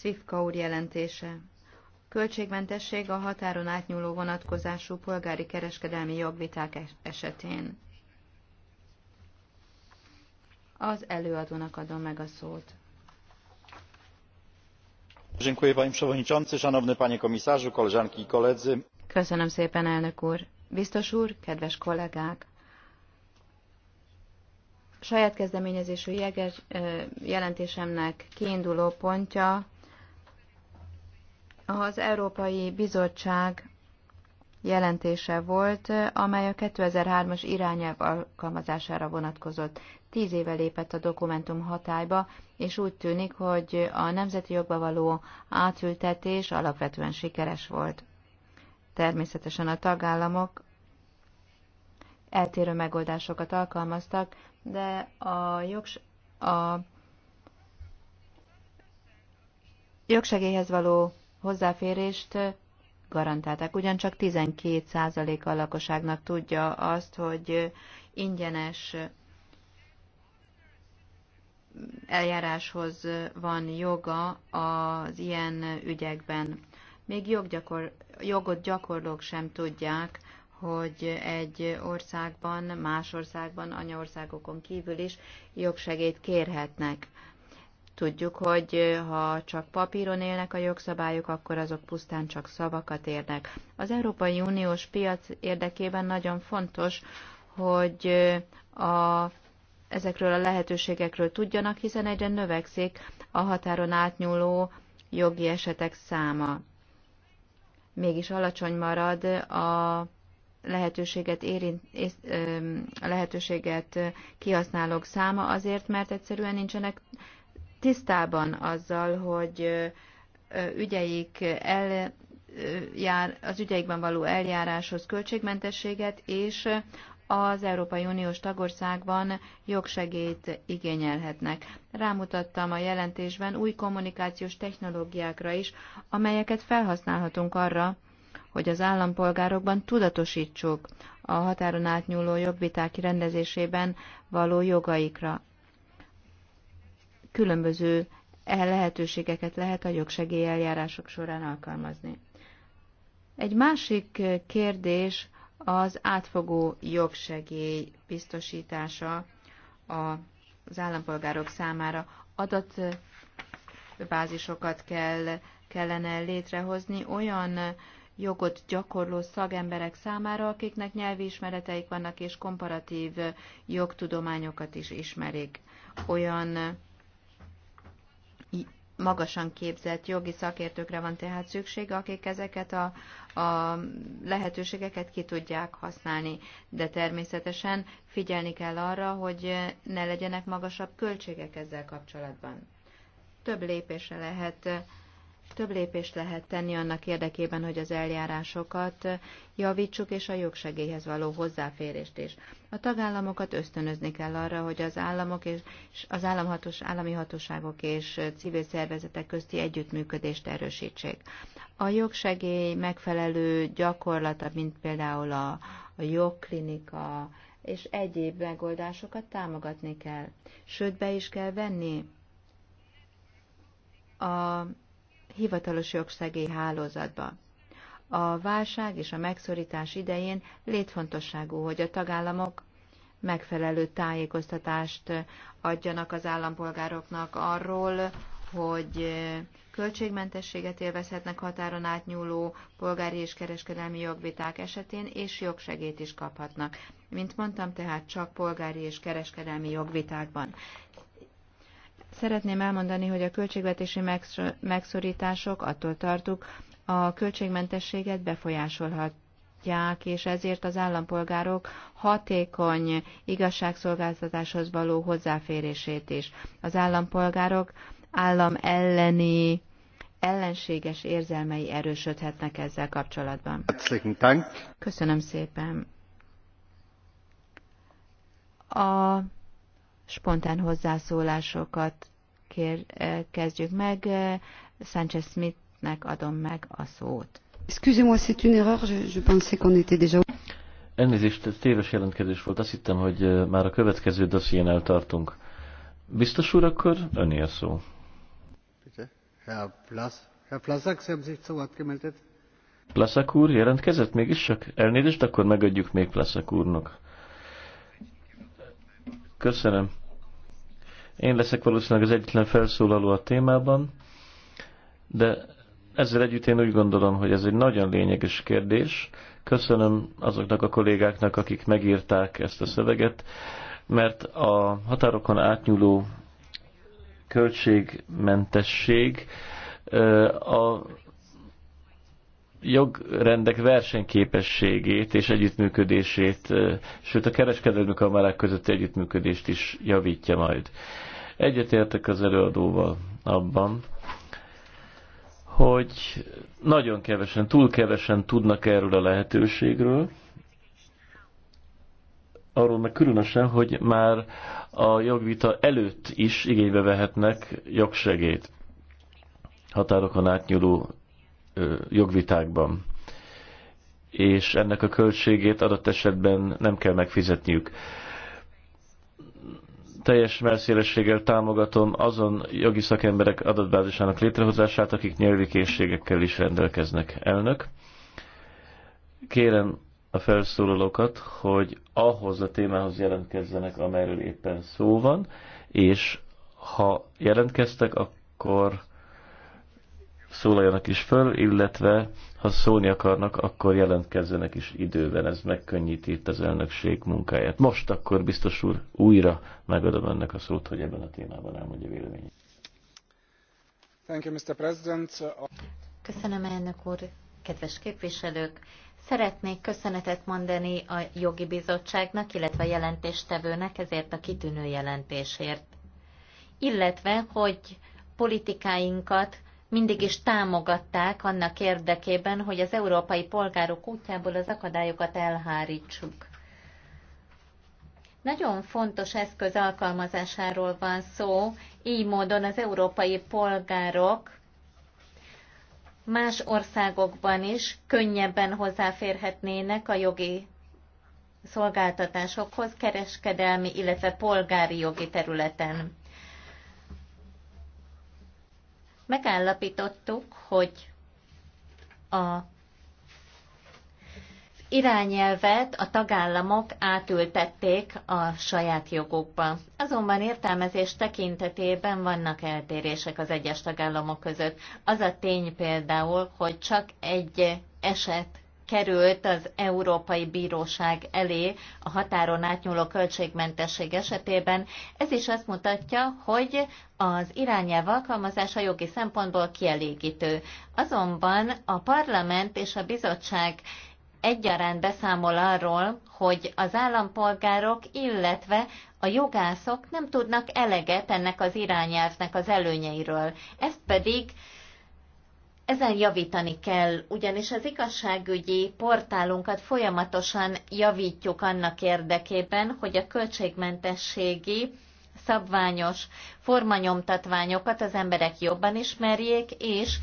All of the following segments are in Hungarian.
Szivka úr jelentése. Költségmentesség a határon átnyúló vonatkozású polgári kereskedelmi jogviták esetén. Az előadónak adom meg a szót. Panie Przewodniczący, Szanowny Panie Komisarzu, Koleżanki i Koledzy. Köszönöm szépen, elnök úr. Biztos úr, kedves kollégák! Saját kezdeményezésű jeges, jelentésemnek kiinduló pontja az Európai Bizottság jelentése volt, amely a 2003-as irányelv alkalmazására vonatkozott. Tíz éve lépett a dokumentum hatályba, és úgy tűnik, hogy a nemzeti jogba való átültetés alapvetően sikeres volt. Természetesen a tagállamok eltérő megoldásokat alkalmaztak, de a, jogs- a jogsegélyhez való hozzáférést garantálták. Ugyancsak 12% a lakosságnak tudja azt, hogy ingyenes eljáráshoz van joga az ilyen ügyekben. Még joggyakor, jogot gyakorlók sem tudják, hogy egy országban, más országban, anyaországokon kívül is jogsegét kérhetnek. Tudjuk, hogy ha csak papíron élnek a jogszabályok, akkor azok pusztán csak szavakat érnek. Az Európai Uniós piac érdekében nagyon fontos, hogy a, ezekről a lehetőségekről tudjanak, hiszen egyre növekszik a határon átnyúló jogi esetek száma. Mégis alacsony marad a lehetőséget, érint, a lehetőséget kihasználók száma azért, mert egyszerűen nincsenek tisztában azzal, hogy ügyeik el, jár, az ügyeikben való eljáráshoz költségmentességet és az Európai Uniós tagországban jogsegélyt igényelhetnek. Rámutattam a jelentésben új kommunikációs technológiákra is, amelyeket felhasználhatunk arra, hogy az állampolgárokban tudatosítsuk a határon átnyúló jogviták rendezésében való jogaikra különböző lehetőségeket lehet a jogsegély eljárások során alkalmazni. Egy másik kérdés az átfogó jogsegély biztosítása az állampolgárok számára. Adatbázisokat kell, kellene létrehozni olyan jogot gyakorló szakemberek számára, akiknek nyelvi ismereteik vannak és komparatív jogtudományokat is ismerik. Olyan magasan képzett jogi szakértőkre van tehát szükség, akik ezeket a, a lehetőségeket ki tudják használni. De természetesen figyelni kell arra, hogy ne legyenek magasabb költségek ezzel kapcsolatban. Több lépésre lehet több lépést lehet tenni annak érdekében, hogy az eljárásokat javítsuk, és a jogsegélyhez való hozzáférést is. A tagállamokat ösztönözni kell arra, hogy az államok és az államhatos, állami hatóságok és civil szervezetek közti együttműködést erősítsék. A jogsegély megfelelő gyakorlata, mint például a, a jogklinika, és egyéb megoldásokat támogatni kell, sőt be is kell venni a hivatalos hálózatba. A válság és a megszorítás idején létfontosságú, hogy a tagállamok megfelelő tájékoztatást adjanak az állampolgároknak arról, hogy költségmentességet élvezhetnek határon átnyúló polgári és kereskedelmi jogviták esetén, és jogsegét is kaphatnak. Mint mondtam, tehát csak polgári és kereskedelmi jogvitákban. Szeretném elmondani, hogy a költségvetési megszorítások, attól tartuk, a költségmentességet befolyásolhatják, és ezért az állampolgárok hatékony igazságszolgáltatáshoz való hozzáférését is. Az állampolgárok állam elleni ellenséges érzelmei erősödhetnek ezzel kapcsolatban. Köszönöm szépen. A spontán hozzászólásokat kér, eh, kezdjük meg. Eh, Sánchez Smithnek adom meg a szót. Excusez-moi, c'est une erreur, je, je pensais qu'on était déjà... Elnézést, ez téves jelentkezés volt, azt hittem, hogy eh, már a következő dossziénál tartunk. Biztos úr, akkor öné a szó. Herr Plaszak, Sie haben sich zu Wort gemeldet. Plaszak úr jelentkezett mégiscsak? Elnézést, akkor megadjuk még Plaszak úrnak Köszönöm. Én leszek valószínűleg az egyetlen felszólaló a témában, de ezzel együtt én úgy gondolom, hogy ez egy nagyon lényeges kérdés. Köszönöm azoknak a kollégáknak, akik megírták ezt a szöveget, mert a határokon átnyúló költségmentesség a jogrendek versenyképességét és együttműködését, sőt a kereskedelmi kamarák közötti együttműködést is javítja majd. Egyetértek az előadóval abban, hogy nagyon kevesen, túl kevesen tudnak erről a lehetőségről, arról meg különösen, hogy már a jogvita előtt is igénybe vehetnek jogsegét határokon átnyúló jogvitákban, és ennek a költségét adott esetben nem kell megfizetniük. Teljes merszélességgel támogatom azon jogi szakemberek adatbázisának létrehozását, akik nyelvi készségekkel is rendelkeznek. Elnök, kérem a felszólalókat, hogy ahhoz a témához jelentkezzenek, amelyről éppen szó van, és ha jelentkeztek, akkor szólaljanak is föl, illetve ha szólni akarnak, akkor jelentkezzenek is időben. Ez megkönnyíti itt az elnökség munkáját. Most akkor biztos úr újra megadom önnek a szót, hogy ebben a témában elmondja véleményét. Thank you, Mr. President. Köszönöm, elnök úr. Kedves képviselők, szeretnék köszönetet mondani a jogi bizottságnak, illetve a jelentéstevőnek ezért a kitűnő jelentésért. Illetve, hogy politikáinkat mindig is támogatták annak érdekében, hogy az európai polgárok útjából az akadályokat elhárítsuk. Nagyon fontos eszköz alkalmazásáról van szó, így módon az európai polgárok más országokban is könnyebben hozzáférhetnének a jogi szolgáltatásokhoz kereskedelmi, illetve polgári jogi területen megállapítottuk, hogy a irányelvet a tagállamok átültették a saját jogokba. Azonban értelmezés tekintetében vannak eltérések az egyes tagállamok között. Az a tény például, hogy csak egy eset került az Európai Bíróság elé a határon átnyúló költségmentesség esetében. Ez is azt mutatja, hogy az irányelv alkalmazása jogi szempontból kielégítő. Azonban a parlament és a bizottság egyaránt beszámol arról, hogy az állampolgárok, illetve a jogászok nem tudnak eleget ennek az irányelvnek az előnyeiről. Ezt pedig ezen javítani kell, ugyanis az igazságügyi portálunkat folyamatosan javítjuk annak érdekében, hogy a költségmentességi szabványos formanyomtatványokat az emberek jobban ismerjék, és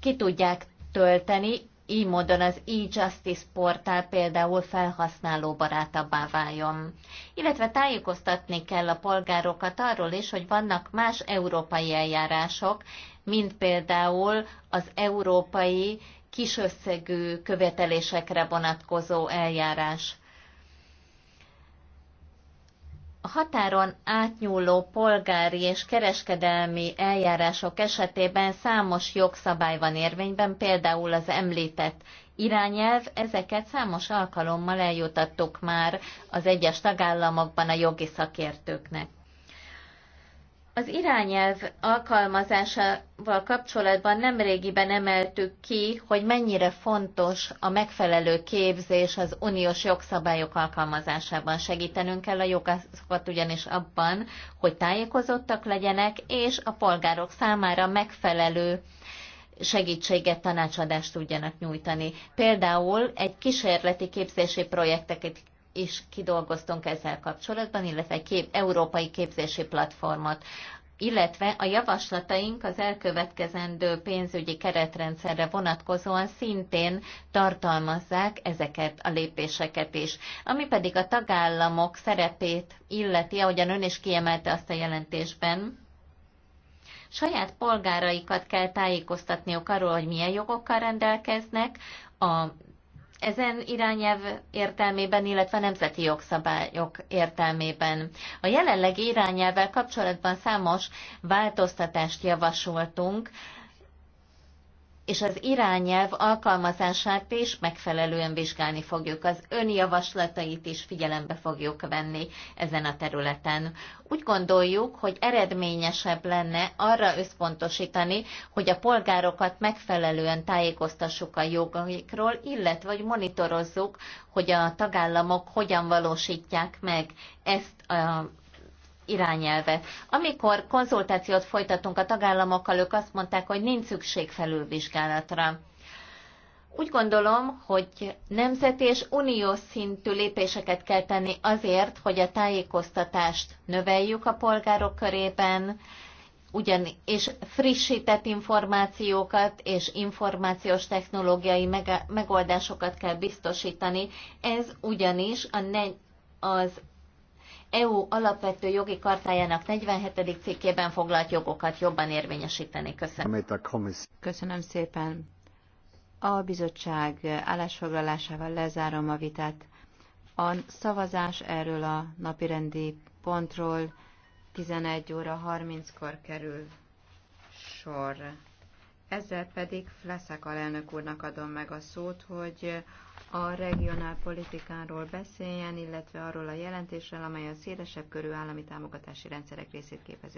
ki tudják tölteni, így módon az e-justice portál például felhasználóbarátabbá váljon. Illetve tájékoztatni kell a polgárokat arról is, hogy vannak más európai eljárások, mint például az európai kisösszegű követelésekre vonatkozó eljárás. A határon átnyúló polgári és kereskedelmi eljárások esetében számos jogszabály van érvényben, például az említett irányelv, ezeket számos alkalommal eljutattuk már az egyes tagállamokban a jogi szakértőknek. Az irányelv alkalmazásával kapcsolatban nemrégiben emeltük ki, hogy mennyire fontos a megfelelő képzés az uniós jogszabályok alkalmazásában. Segítenünk kell a jogászokat ugyanis abban, hogy tájékozottak legyenek, és a polgárok számára megfelelő segítséget, tanácsadást tudjanak nyújtani. Például egy kísérleti képzési projekteket is kidolgoztunk ezzel kapcsolatban, illetve egy kép, európai képzési platformot illetve a javaslataink az elkövetkezendő pénzügyi keretrendszerre vonatkozóan szintén tartalmazzák ezeket a lépéseket is. Ami pedig a tagállamok szerepét illeti, ahogyan ön is kiemelte azt a jelentésben, saját polgáraikat kell tájékoztatniuk arról, hogy milyen jogokkal rendelkeznek, a ezen irányelv értelmében, illetve nemzeti jogszabályok értelmében. A jelenlegi irányelvvel kapcsolatban számos változtatást javasoltunk, és az irányelv alkalmazását is megfelelően vizsgálni fogjuk. Az ön javaslatait is figyelembe fogjuk venni ezen a területen. Úgy gondoljuk, hogy eredményesebb lenne arra összpontosítani, hogy a polgárokat megfelelően tájékoztassuk a jogaikról, illetve hogy monitorozzuk, hogy a tagállamok hogyan valósítják meg ezt a irányelvet. Amikor konzultációt folytatunk a tagállamokkal, ők azt mondták, hogy nincs szükség felülvizsgálatra. Úgy gondolom, hogy nemzeti és uniós szintű lépéseket kell tenni azért, hogy a tájékoztatást növeljük a polgárok körében, ugyan, és frissített információkat és információs technológiai megoldásokat kell biztosítani. Ez ugyanis a ne, az EU alapvető jogi kartájának 47. cikkében foglalt jogokat jobban érvényesíteni. Köszönöm. Köszönöm szépen. A bizottság állásfoglalásával lezárom a vitát. A szavazás erről a napirendi pontról 11 óra 30-kor kerül sor. Ezzel pedig Fleszek alelnök úrnak adom meg a szót, hogy a regionálpolitikáról beszéljen, illetve arról a jelentésről, amely a szélesebb körű állami támogatási rendszerek részét képezi